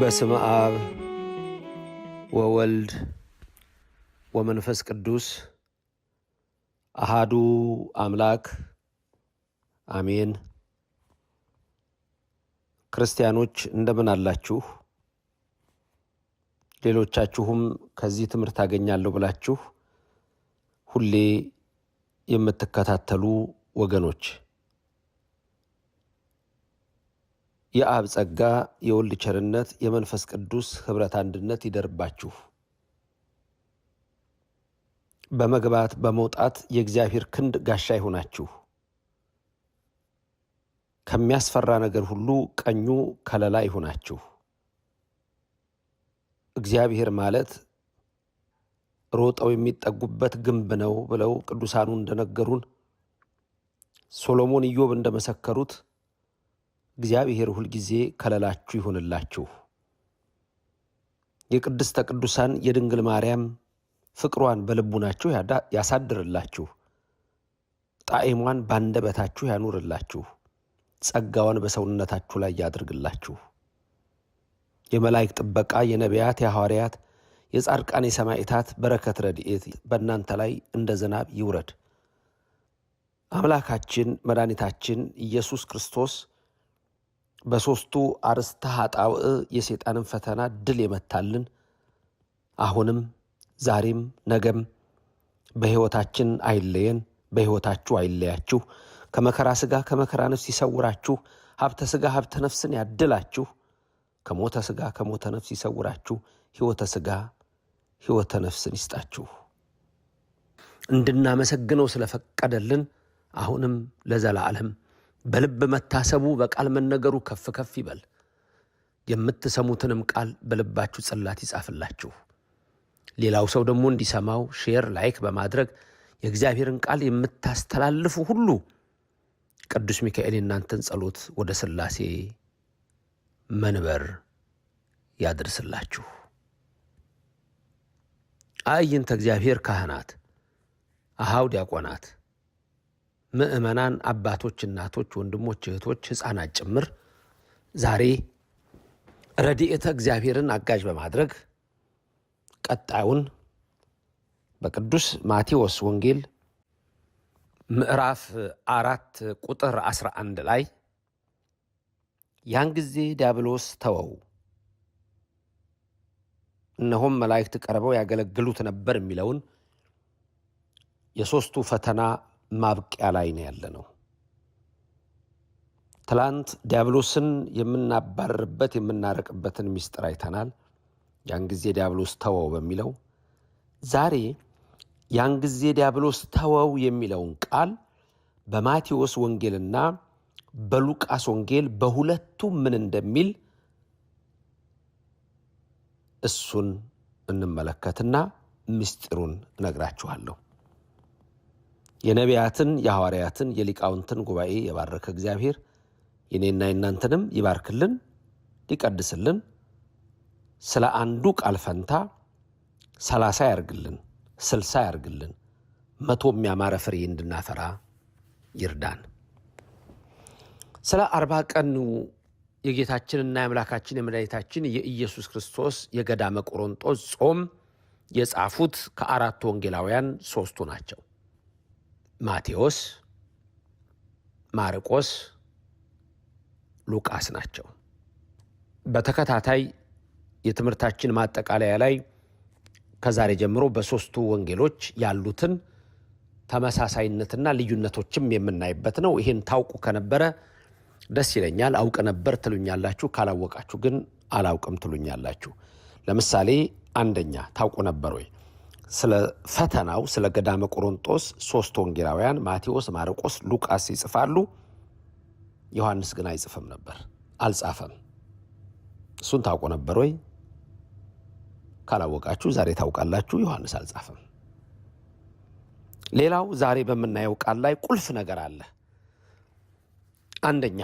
በስመ አብ ወወልድ ወመንፈስ ቅዱስ አሃዱ አምላክ አሜን። ክርስቲያኖች እንደምን አላችሁ? ሌሎቻችሁም ከዚህ ትምህርት አገኛለሁ ብላችሁ ሁሌ የምትከታተሉ ወገኖች የአብ ጸጋ የወልድ ቸርነት የመንፈስ ቅዱስ ኅብረት አንድነት ይደርባችሁ። በመግባት በመውጣት የእግዚአብሔር ክንድ ጋሻ ይሆናችሁ። ከሚያስፈራ ነገር ሁሉ ቀኙ ከለላ ይሁናችሁ። እግዚአብሔር ማለት ሮጠው የሚጠጉበት ግንብ ነው ብለው ቅዱሳኑ እንደነገሩን፣ ሶሎሞን ኢዮብ እንደመሰከሩት እግዚአብሔር ሁልጊዜ ከለላችሁ ይሁንላችሁ። የቅድስተ ቅዱሳን የድንግል ማርያም ፍቅሯን በልቡናችሁ ያሳድርላችሁ፣ ጣዕሟን ባንደበታችሁ ያኑርላችሁ። ጸጋውን በሰውነታችሁ ላይ ያድርግላችሁ። የመላእክት ጥበቃ፣ የነቢያት፣ የሐዋርያት፣ የጻድቃን፣ የሰማዕታት በረከት ረድኤት በእናንተ ላይ እንደ ዝናብ ይውረድ። አምላካችን መድኃኒታችን ኢየሱስ ክርስቶስ በሦስቱ አርእስተ ኃጣውእ የሰይጣንን ፈተና ድል የመታልን አሁንም ዛሬም ነገም በሕይወታችን አይለየን፣ በሕይወታችሁ አይለያችሁ። ከመከራ ስጋ ከመከራ ነፍስ ይሰውራችሁ፣ ሀብተ ስጋ ሀብተ ነፍስን ያድላችሁ፣ ከሞተ ስጋ ከሞተ ነፍስ ይሰውራችሁ፣ ህይወተ ስጋ ህይወተ ነፍስን ይስጣችሁ። እንድናመሰግነው ስለፈቀደልን አሁንም ለዘላለም በልብ መታሰቡ በቃል መነገሩ ከፍ ከፍ ይበል። የምትሰሙትንም ቃል በልባችሁ ጽላት ይጻፍላችሁ። ሌላው ሰው ደግሞ እንዲሰማው ሼር፣ ላይክ በማድረግ የእግዚአብሔርን ቃል የምታስተላልፉ ሁሉ ቅዱስ ሚካኤል የእናንተን ጸሎት ወደ ሥላሴ መንበር ያድርስላችሁ። አእይንተ እግዚአብሔር ካህናት፣ አኀው ዲያቆናት፣ ምዕመናን፣ አባቶች፣ እናቶች፣ ወንድሞች፣ እህቶች፣ ሕፃናት ጭምር ዛሬ ረድኤተ እግዚአብሔርን አጋዥ በማድረግ ቀጣዩን በቅዱስ ማቴዎስ ወንጌል ምዕራፍ አራት ቁጥር 11 ላይ ያን ጊዜ ዲያብሎስ ተወው፣ እነሆም መላእክት ቀርበው ያገለግሉት ነበር የሚለውን የሦስቱ ፈተና ማብቂያ ላይ ነው ያለ ነው። ትላንት ዲያብሎስን የምናባርርበት የምናረቅበትን ምስጢር አይተናል። ያን ጊዜ ዲያብሎስ ተወው በሚለው ዛሬ ያን ጊዜ ዲያብሎስ ተወው የሚለውን ቃል በማቴዎስ ወንጌልና በሉቃስ ወንጌል በሁለቱም ምን እንደሚል እሱን እንመለከትና ምስጢሩን እነግራችኋለሁ። የነቢያትን የሐዋርያትን የሊቃውንትን ጉባኤ የባረከ እግዚአብሔር የኔና የናንተንም ይባርክልን ይቀድስልን። ስለ አንዱ ቃል ፈንታ ሰላሳ ያርግልን። ስልሳ ያርግልን፣ መቶም ያማረ ፍሬ እንድናፈራ ይርዳን። ስለ አርባ ቀኑ የጌታችንና የአምላካችን የመድኃኒታችን የኢየሱስ ክርስቶስ የገዳመ ቆሮንጦስ ጾም የጻፉት ከአራቱ ወንጌላውያን ሦስቱ ናቸው። ማቴዎስ፣ ማርቆስ፣ ሉቃስ ናቸው። በተከታታይ የትምህርታችን ማጠቃለያ ላይ ከዛሬ ጀምሮ በሶስቱ ወንጌሎች ያሉትን ተመሳሳይነትና ልዩነቶችም የምናይበት ነው። ይህን ታውቁ ከነበረ ደስ ይለኛል። አውቅ ነበር ትሉኛላችሁ፣ ካላወቃችሁ ግን አላውቅም ትሉኛላችሁ። ለምሳሌ አንደኛ ታውቁ ነበር ወይ? ስለ ፈተናው ስለ ገዳመ ቆሮንጦስ ሶስት ወንጌላውያን ማቴዎስ፣ ማርቆስ፣ ሉቃስ ይጽፋሉ። ዮሐንስ ግን አይጽፍም ነበር፣ አልጻፈም። እሱን ታውቁ ነበር ወይ? ካላወቃችሁ ዛሬ ታውቃላችሁ። ዮሐንስ አልጻፈም። ሌላው ዛሬ በምናየው ቃል ላይ ቁልፍ ነገር አለ። አንደኛ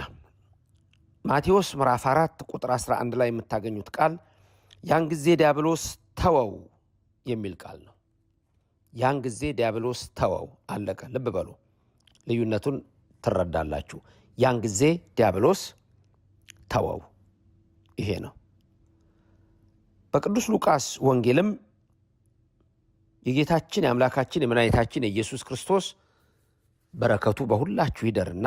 ማቴዎስ ምዕራፍ 4 ቁጥር 11 ላይ የምታገኙት ቃል ያን ጊዜ ዲያብሎስ ተወው የሚል ቃል ነው። ያን ጊዜ ዲያብሎስ ተወው፣ አለቀ። ልብ በሉ፣ ልዩነቱን ትረዳላችሁ። ያን ጊዜ ዲያብሎስ ተወው፣ ይሄ ነው። በቅዱስ ሉቃስ ወንጌልም የጌታችን የአምላካችን የመድኃኒታችን የኢየሱስ ክርስቶስ በረከቱ በሁላችሁ ይደርና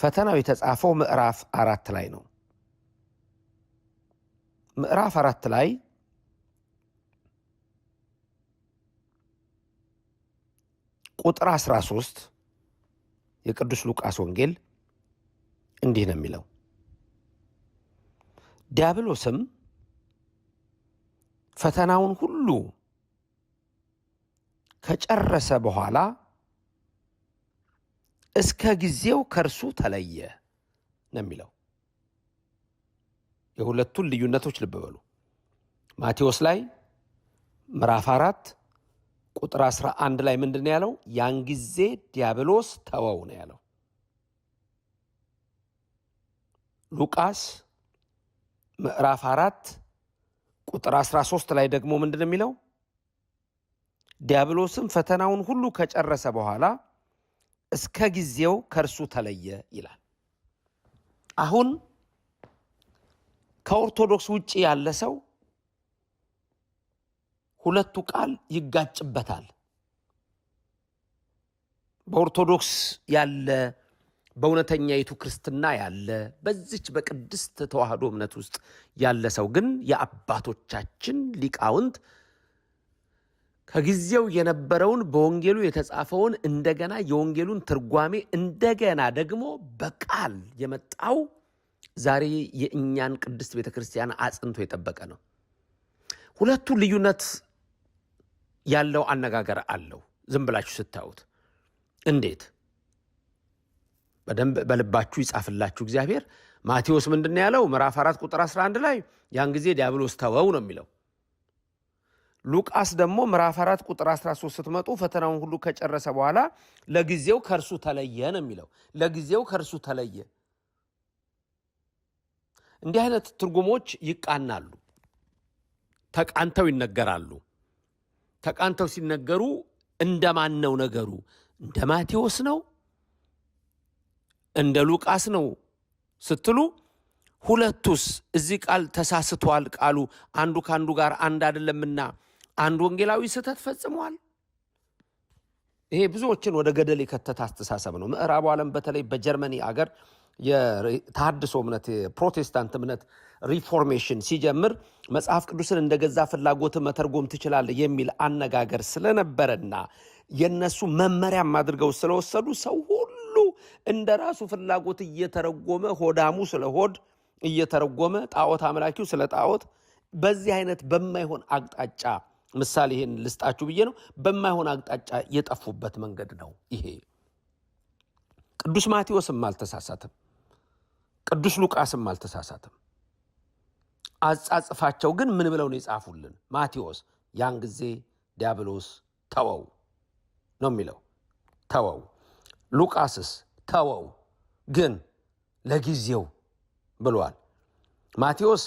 ፈተናው የተጻፈው ምዕራፍ አራት ላይ ነው። ምዕራፍ አራት ላይ ቁጥር 13 የቅዱስ ሉቃስ ወንጌል እንዲህ ነው የሚለው ዲያብሎስም ፈተናውን ሁሉ ከጨረሰ በኋላ እስከ ጊዜው ከእርሱ ተለየ ነው የሚለው። የሁለቱን ልዩነቶች ልብ በሉ። ማቴዎስ ላይ ምዕራፍ አራት ቁጥር አስራ አንድ ላይ ምንድን ነው ያለው? ያን ጊዜ ዲያብሎስ ተወው ነው ያለው። ሉቃስ ምዕራፍ አራት ቁጥር 13 ላይ ደግሞ ምንድን የሚለው ዲያብሎስም ፈተናውን ሁሉ ከጨረሰ በኋላ እስከ ጊዜው ከእርሱ ተለየ ይላል። አሁን ከኦርቶዶክስ ውጭ ያለ ሰው ሁለቱ ቃል ይጋጭበታል። በኦርቶዶክስ ያለ በእውነተኛይቱ ክርስትና ያለ በዚች በቅድስት ተዋህዶ እምነት ውስጥ ያለ ሰው ግን የአባቶቻችን ሊቃውንት ከጊዜው የነበረውን በወንጌሉ የተጻፈውን እንደገና የወንጌሉን ትርጓሜ እንደገና ደግሞ በቃል የመጣው ዛሬ የእኛን ቅድስት ቤተ ክርስቲያን አጽንቶ የጠበቀ ነው። ሁለቱ ልዩነት ያለው አነጋገር አለው። ዝም ብላችሁ ስታዩት እንዴት በደንብ በልባችሁ ይጻፍላችሁ እግዚአብሔር። ማቴዎስ ምንድን ያለው ምዕራፍ 4 ቁጥር 11 ላይ ያን ጊዜ ዲያብሎስ ተወው ነው የሚለው። ሉቃስ ደግሞ ምዕራፍ 4 ቁጥር 13 ስትመጡ ፈተናውን ሁሉ ከጨረሰ በኋላ ለጊዜው ከእርሱ ተለየ ነው የሚለው። ለጊዜው ከእርሱ ተለየ። እንዲህ አይነት ትርጉሞች ይቃናሉ፣ ተቃንተው ይነገራሉ። ተቃንተው ሲነገሩ እንደማን ነው ነገሩ? እንደ ማቴዎስ ነው እንደ ሉቃስ ነው ስትሉ ሁለቱስ እዚህ ቃል ተሳስተዋል። ቃሉ አንዱ ከአንዱ ጋር አንድ አይደለምና አንድ ወንጌላዊ ስህተት ፈጽሟል። ይሄ ብዙዎችን ወደ ገደል የከተተ አስተሳሰብ ነው። ምዕራቡ ዓለም በተለይ በጀርመኒ አገር የተሃድሶ እምነት የፕሮቴስታንት እምነት ሪፎርሜሽን ሲጀምር መጽሐፍ ቅዱስን እንደገዛ ፍላጎት መተርጎም ትችላለህ የሚል አነጋገር ስለነበረና የነሱ መመሪያም አድርገው ስለወሰዱ ሰው ሁሉ እንደ ራሱ ፍላጎት እየተረጎመ ሆዳሙ ስለ ሆድ እየተረጎመ ጣዖት አምላኪው ስለ ጣዖት በዚህ አይነት በማይሆን አቅጣጫ ምሳሌ ይህን ልስጣችሁ ብዬ ነው። በማይሆን አቅጣጫ የጠፉበት መንገድ ነው ይሄ። ቅዱስ ማቴዎስም አልተሳሳትም፣ ቅዱስ ሉቃስም አልተሳሳትም። አጻጽፋቸው ግን ምን ብለው ነው የጻፉልን? ማቴዎስ ያን ጊዜ ዲያብሎስ ተወው ነው የሚለው ተወው። ሉቃስስ ተወው ግን ለጊዜው ብሏል። ማቴዎስ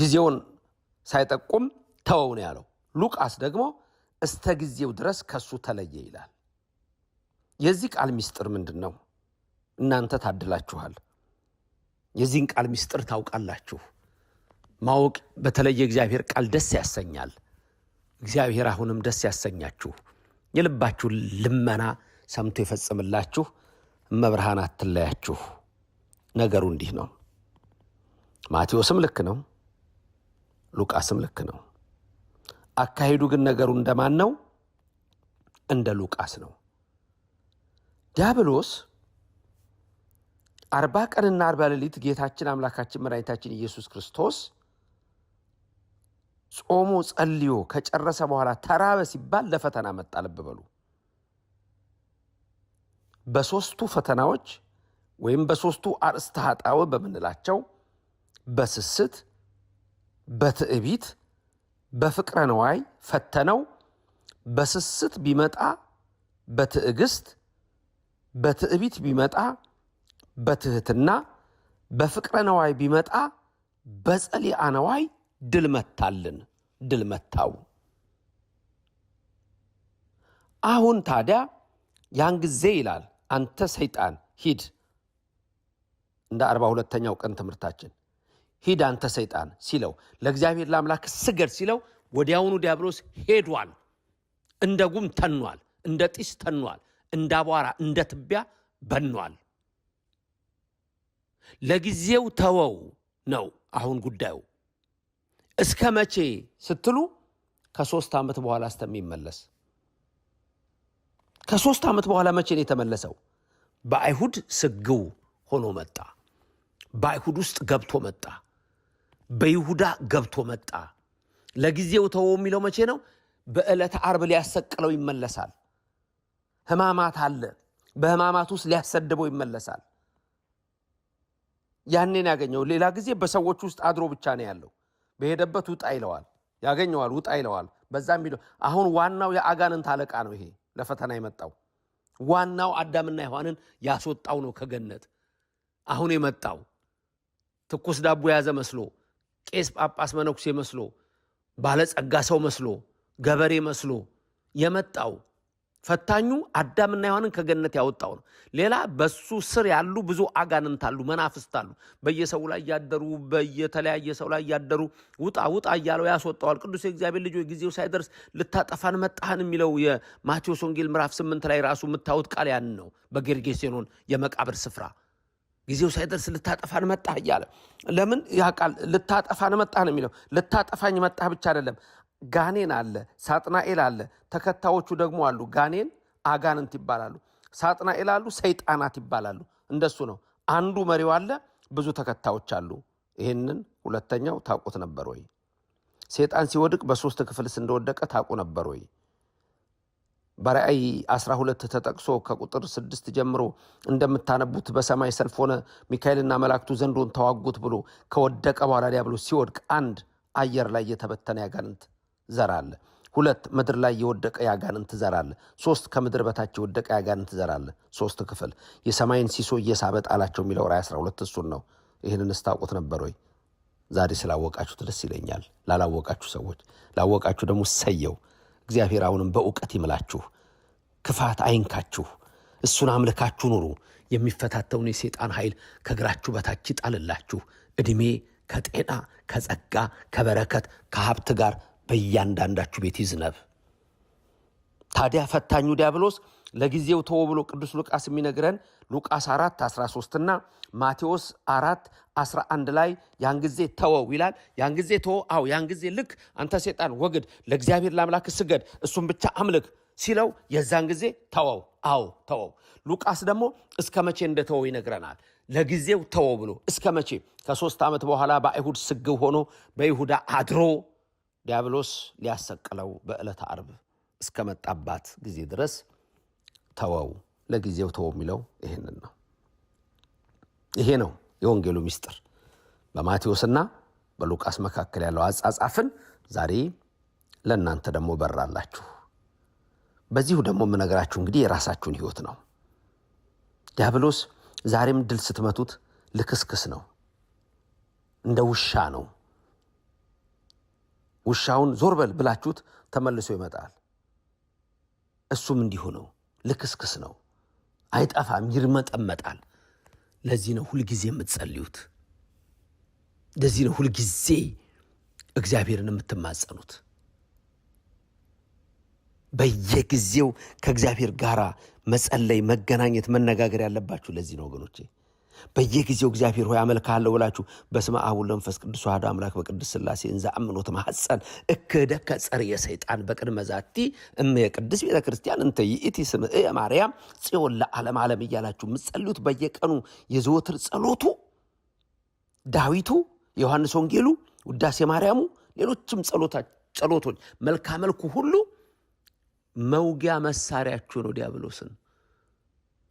ጊዜውን ሳይጠቁም ተወው ነው ያለው። ሉቃስ ደግሞ እስተ ጊዜው ድረስ ከሱ ተለየ ይላል። የዚህ ቃል ምስጢር ምንድን ነው? እናንተ ታድላችኋል። የዚህን ቃል ምስጢር ታውቃላችሁ። ማወቅ በተለየ እግዚአብሔር ቃል ደስ ያሰኛል። እግዚአብሔር አሁንም ደስ ያሰኛችሁ፣ የልባችሁ ልመና ሰምቶ ይፈጽምላችሁ። መብርሃናት አትለያችሁ። ነገሩ እንዲህ ነው። ማቴዎስም ልክ ነው፣ ሉቃስም ልክ ነው። አካሄዱ ግን ነገሩ እንደማን ነው? እንደ ሉቃስ ነው። ዲያብሎስ አርባ ቀንና አርባ ሌሊት ጌታችን አምላካችን መድኃኒታችን ኢየሱስ ክርስቶስ ጾሞ ጸልዮ ከጨረሰ በኋላ ተራበ ሲባል ለፈተና መጣ። ልብ በሉ። በሶስቱ ፈተናዎች ወይም በሶስቱ አርእስተ ኃጣውእ በምንላቸው በስስት፣ በትዕቢት፣ በፍቅረ ፈተነው። በስስት ቢመጣ በትዕግስት፣ በትዕቢት ቢመጣ በትህትና፣ በፍቅረ ቢመጣ በጸሊአ ድል መታልን ድል መታው። አሁን ታዲያ ያን ጊዜ ይላል አንተ ሰይጣን ሂድ፣ እንደ አርባ ሁለተኛው ቀን ትምህርታችን ሂድ አንተ ሰይጣን ሲለው ለእግዚአብሔር ለአምላክ ስገድ ሲለው ወዲያውኑ ዲያብሎስ ሄዷል። እንደ ጉም ተኗል፣ እንደ ጢስ ተኗል፣ እንደ አቧራ እንደ ትቢያ በኗል። ለጊዜው ተወው ነው አሁን ጉዳዩ። እስከ መቼ ስትሉ ከሶስት ዓመት በኋላ እስከሚመለስ ከሶስት ዓመት በኋላ መቼ ነው የተመለሰው? በአይሁድ ስግው ሆኖ መጣ። በአይሁድ ውስጥ ገብቶ መጣ። በይሁዳ ገብቶ መጣ። ለጊዜው ተወ የሚለው መቼ ነው? በዕለተ ዓርብ ሊያሰቅለው ይመለሳል። ሕማማት አለ። በሕማማት ውስጥ ሊያሰድበው ይመለሳል። ያኔን ያገኘው። ሌላ ጊዜ በሰዎች ውስጥ አድሮ ብቻ ነው ያለው። በሄደበት ውጣ ይለዋል፣ ያገኘዋል፣ ውጣ ይለዋል። በዛም አሁን ዋናው የአጋንንት አለቃ ነው ይሄ። ለፈተና የመጣው ዋናው አዳምና ሔዋንን ያስወጣው ነው ከገነት። አሁን የመጣው ትኩስ ዳቦ የያዘ መስሎ፣ ቄስ ጳጳስ መነኩሴ መስሎ፣ ባለጸጋ ሰው መስሎ፣ ገበሬ መስሎ የመጣው ፈታኙ አዳምና ሔዋንን ከገነት ያወጣው ነው። ሌላ በሱ ስር ያሉ ብዙ አጋንንት አሉ፣ መናፍስት አሉ። በየሰው ላይ እያደሩ በየተለያየ ሰው ላይ እያደሩ ውጣ ውጣ እያለው ያስወጣዋል። ቅዱስ የእግዚአብሔር ልጅ ጊዜው ሳይደርስ ልታጠፋን መጣህን የሚለው የማቴዎስ ወንጌል ምዕራፍ ስምንት ላይ ራሱ የምታዩት ቃል ያን ነው። በጌርጌሴኖን የመቃብር ስፍራ ጊዜው ሳይደርስ ልታጠፋን መጣህ እያለ ለምን ያ ቃል ልታጠፋን መጣህ ነው የሚለው። ልታጠፋኝ መጣህ ብቻ አይደለም ጋኔን አለ፣ ሳጥናኤል አለ። ተከታዮቹ ደግሞ አሉ። ጋኔን አጋንንት ይባላሉ። ሳጥናኤል አሉ፣ ሰይጣናት ይባላሉ። እንደሱ ነው። አንዱ መሪው አለ፣ ብዙ ተከታዮች አሉ። ይህንን ሁለተኛው ታውቁት ነበር ወይ? ሴጣን ሲወድቅ በሶስት ክፍልስ እንደወደቀ ታውቁ ነበር ወይ? በራእይ 12 ተጠቅሶ ከቁጥር ስድስት ጀምሮ እንደምታነቡት በሰማይ ሰልፍ ሆነ ሚካኤልና መላእክቱ ዘንዶን ተዋጉት ብሎ ከወደቀ በኋላ ዲያብሎስ ሲወድቅ አንድ አየር ላይ የተበተነ ያጋንንት ዘር አለ። ሁለት ምድር ላይ የወደቀ ያጋንንት ዘር አለ። ሶስት ከምድር በታች የወደቀ ያጋንንት ዘር አለ። ሶስት ክፍል የሰማይን ሲሶ እየሳበ ጣላቸው የሚለው ራእይ 12 እሱን ነው። ይህንን እስታውቁት ነበር ወይ? ዛሬ ስላወቃችሁት ደስ ይለኛል። ላላወቃችሁ ሰዎች፣ ላወቃችሁ ደግሞ ሰየው። እግዚአብሔር አሁንም በእውቀት ይምላችሁ፣ ክፋት አይንካችሁ፣ እሱን አምልካችሁ ኑሩ። የሚፈታተውን የሴጣን ኃይል ከእግራችሁ በታች ይጣልላችሁ። እድሜ ከጤና ከጸጋ ከበረከት ከሀብት ጋር በእያንዳንዳችሁ ቤት ይዝነብ። ታዲያ ፈታኙ ዲያብሎስ ለጊዜው ተወ ብሎ ቅዱስ ሉቃስ የሚነግረን ሉቃስ 4 13 እና ማቴዎስ 4 11 ላይ ያን ጊዜ ተወው ይላል። ያን ጊዜ ተወ፣ አዎ ያን ጊዜ ልክ አንተ ሴጣን ወግድ፣ ለእግዚአብሔር ለአምላክ ስገድ፣ እሱን ብቻ አምልክ ሲለው የዛን ጊዜ ተወው፣ አዎ ተወው። ሉቃስ ደግሞ እስከ መቼ እንደተወው ይነግረናል። ለጊዜው ተወው ብሎ እስከ መቼ? ከሶስት ዓመት በኋላ በአይሁድ ስግብ ሆኖ በይሁዳ አድሮ ዲያብሎስ ሊያሰቅለው በዕለተ አርብ እስከመጣባት ጊዜ ድረስ ተወው፣ ለጊዜው ተወው የሚለው ይህንን ነው። ይሄ ነው የወንጌሉ ምስጢር። በማቴዎስና በሉቃስ መካከል ያለው አጻጻፍን ዛሬ ለእናንተ ደግሞ በራላችሁ። በዚሁ ደግሞ የምነግራችሁ እንግዲህ የራሳችሁን ህይወት ነው። ዲያብሎስ ዛሬም ድል ስትመቱት ልክስክስ ነው፣ እንደ ውሻ ነው። ውሻውን ዞር በል ብላችሁት ተመልሶ ይመጣል። እሱም እንዲሁ ነው፣ ልክስክስ ነው፣ አይጠፋም፣ ይርመጠመጣል። ለዚህ ነው ሁልጊዜ የምትጸልዩት። ለዚህ ነው ሁልጊዜ እግዚአብሔርን የምትማጸኑት። በየጊዜው ከእግዚአብሔር ጋር መጸለይ፣ መገናኘት፣ መነጋገር ያለባችሁ ለዚህ ነው ወገኖቼ። በየጊዜው እግዚአብሔር ሆይ አመልካለሁ ብላችሁ በስመ አብ ወወልድ ወመንፈስ ቅዱስ አሐዱ አምላክ በቅዱስ ሥላሴ እንዘ አምኖት ማሐፀን እክህደከ ጸርየ ሰይጣን በቅድመ ዛቲ እም የቅድስ ቤተ ክርስቲያን እንተ ይእቲ ስም የማርያም ጽዮን ለዓለም ዓለም እያላችሁ የምትጸልዩት በየቀኑ የዘወትር ጸሎቱ ዳዊቱ፣ የዮሐንስ ወንጌሉ፣ ውዳሴ ማርያሙ፣ ሌሎችም ጸሎቶች መልካ መልኩ ሁሉ መውጊያ መሳሪያችሁ ነው ዲያብሎስን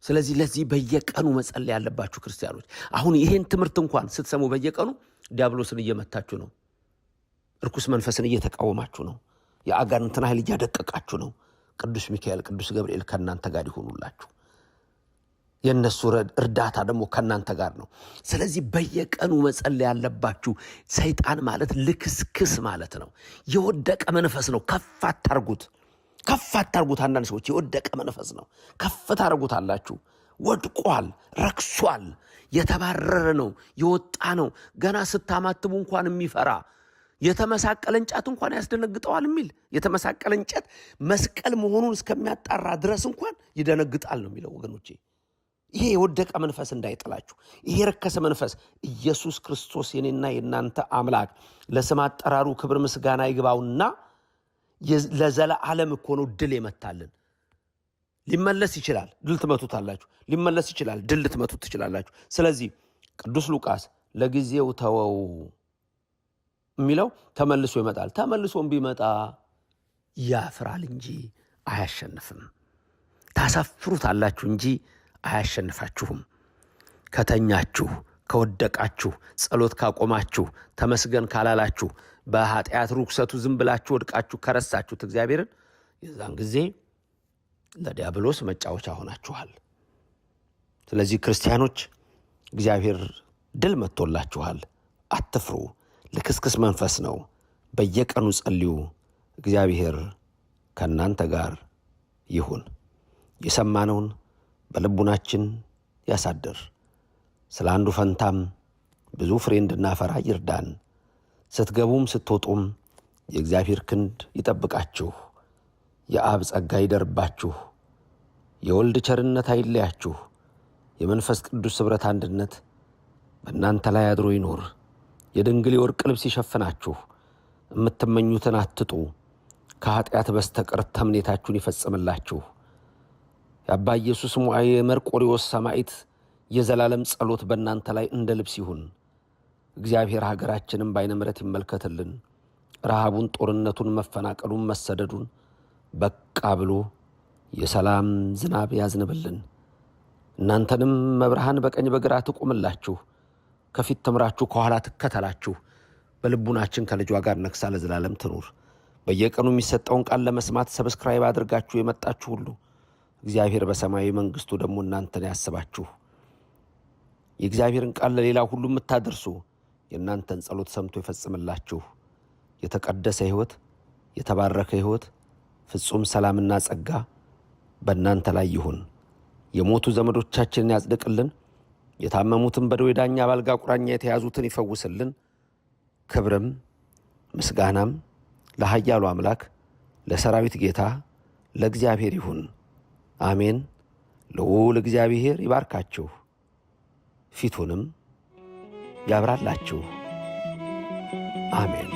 ስለዚህ ለዚህ በየቀኑ መጸለይ ያለባችሁ ክርስቲያኖች፣ አሁን ይሄን ትምህርት እንኳን ስትሰሙ በየቀኑ ዲያብሎስን እየመታችሁ ነው። እርኩስ መንፈስን እየተቃወማችሁ ነው። የአጋንንትን ኃይል እያደቀቃችሁ ነው። ቅዱስ ሚካኤል፣ ቅዱስ ገብርኤል ከእናንተ ጋር ይሆኑላችሁ። የእነሱ እርዳታ ደግሞ ከእናንተ ጋር ነው። ስለዚህ በየቀኑ መጸለይ ያለባችሁ። ሰይጣን ማለት ልክስክስ ማለት ነው። የወደቀ መንፈስ ነው። ከፍ አታርጉት። ከፍ አታርጉት። አንዳንድ ሰዎች የወደቀ መንፈስ ነው፣ ከፍ ታርጉታላችሁ። ወድቋል፣ ረክሷል፣ የተባረረ ነው፣ የወጣ ነው። ገና ስታማትቡ እንኳን የሚፈራ የተመሳቀለ እንጨት እንኳን ያስደነግጠዋል የሚል የተመሳቀለ እንጨት መስቀል መሆኑን እስከሚያጣራ ድረስ እንኳን ይደነግጣል ነው የሚለው ወገኖቼ። ይሄ የወደቀ መንፈስ እንዳይጥላችሁ፣ ይሄ የረከሰ መንፈስ ኢየሱስ ክርስቶስ የኔና የእናንተ አምላክ ለስም አጠራሩ ክብር ምስጋና ይግባውና ለዘላለም እኮ ነው ድል የመታልን። ሊመለስ ይችላል፣ ድል ትመቱታላችሁ። ሊመለስ ይችላል፣ ድል ልትመቱት ትችላላችሁ። ስለዚህ ቅዱስ ሉቃስ ለጊዜው ተወው የሚለው ተመልሶ ይመጣል። ተመልሶም ቢመጣ ያፍራል እንጂ አያሸንፍም። ታሳፍሩታላችሁ እንጂ አያሸንፋችሁም ከተኛችሁ ከወደቃችሁ፣ ጸሎት ካቆማችሁ፣ ተመስገን ካላላችሁ፣ በኃጢአት ርኩሰቱ ዝም ብላችሁ ወድቃችሁ ከረሳችሁት እግዚአብሔርን የዛን ጊዜ ለዲያብሎስ መጫወቻ ሆናችኋል። ስለዚህ ክርስቲያኖች እግዚአብሔር ድል መጥቶላችኋል። አትፍሩ። ልክስክስ መንፈስ ነው። በየቀኑ ጸልዩ። እግዚአብሔር ከእናንተ ጋር ይሁን። የሰማነውን በልቡናችን ያሳድር። ስለ አንዱ ፈንታም ብዙ ፍሬ እንድናፈራ ይርዳን። ስትገቡም ስትወጡም የእግዚአብሔር ክንድ ይጠብቃችሁ። የአብ ጸጋ ይደርባችሁ። የወልድ ቸርነት አይለያችሁ። የመንፈስ ቅዱስ ኅብረት አንድነት በእናንተ ላይ አድሮ ይኖር። የድንግል የወርቅ ልብስ ይሸፍናችሁ። የምትመኙትን አትጡ። ከኀጢአት በስተቀር ተምኔታችሁን ይፈጽምላችሁ። የአባ ኢየሱስ ሞዐ መርቆሪዎስ ሰማዕት የዘላለም ጸሎት በእናንተ ላይ እንደ ልብስ ይሁን። እግዚአብሔር ሀገራችንን በዓይነ ምሕረት ይመልከትልን። ረሃቡን፣ ጦርነቱን፣ መፈናቀሉን፣ መሰደዱን በቃ ብሎ የሰላም ዝናብ ያዝንብልን። እናንተንም መብርሃን በቀኝ በግራ ትቁምላችሁ፣ ከፊት ትምራችሁ፣ ከኋላ ትከተላችሁ። በልቡናችን ከልጇ ጋር ነግሳ ለዘላለም ትኑር። በየቀኑ የሚሰጠውን ቃል ለመስማት ሰብስክራይብ አድርጋችሁ የመጣችሁ ሁሉ እግዚአብሔር በሰማያዊ መንግስቱ ደግሞ እናንተን ያስባችሁ። የእግዚአብሔርን ቃል ለሌላ ሁሉ የምታደርሱ የእናንተን ጸሎት ሰምቶ ይፈጽምላችሁ። የተቀደሰ ሕይወት፣ የተባረከ ሕይወት፣ ፍጹም ሰላምና ጸጋ በእናንተ ላይ ይሁን። የሞቱ ዘመዶቻችንን ያጽድቅልን። የታመሙትን በደዌ ዳኛ በአልጋ ቁራኛ የተያዙትን ይፈውስልን። ክብርም ምስጋናም ለኃያሉ አምላክ ለሰራዊት ጌታ ለእግዚአብሔር ይሁን። አሜን። ልዑል እግዚአብሔር ይባርካችሁ። ፊቱንም ያብራላችሁ። አሜን።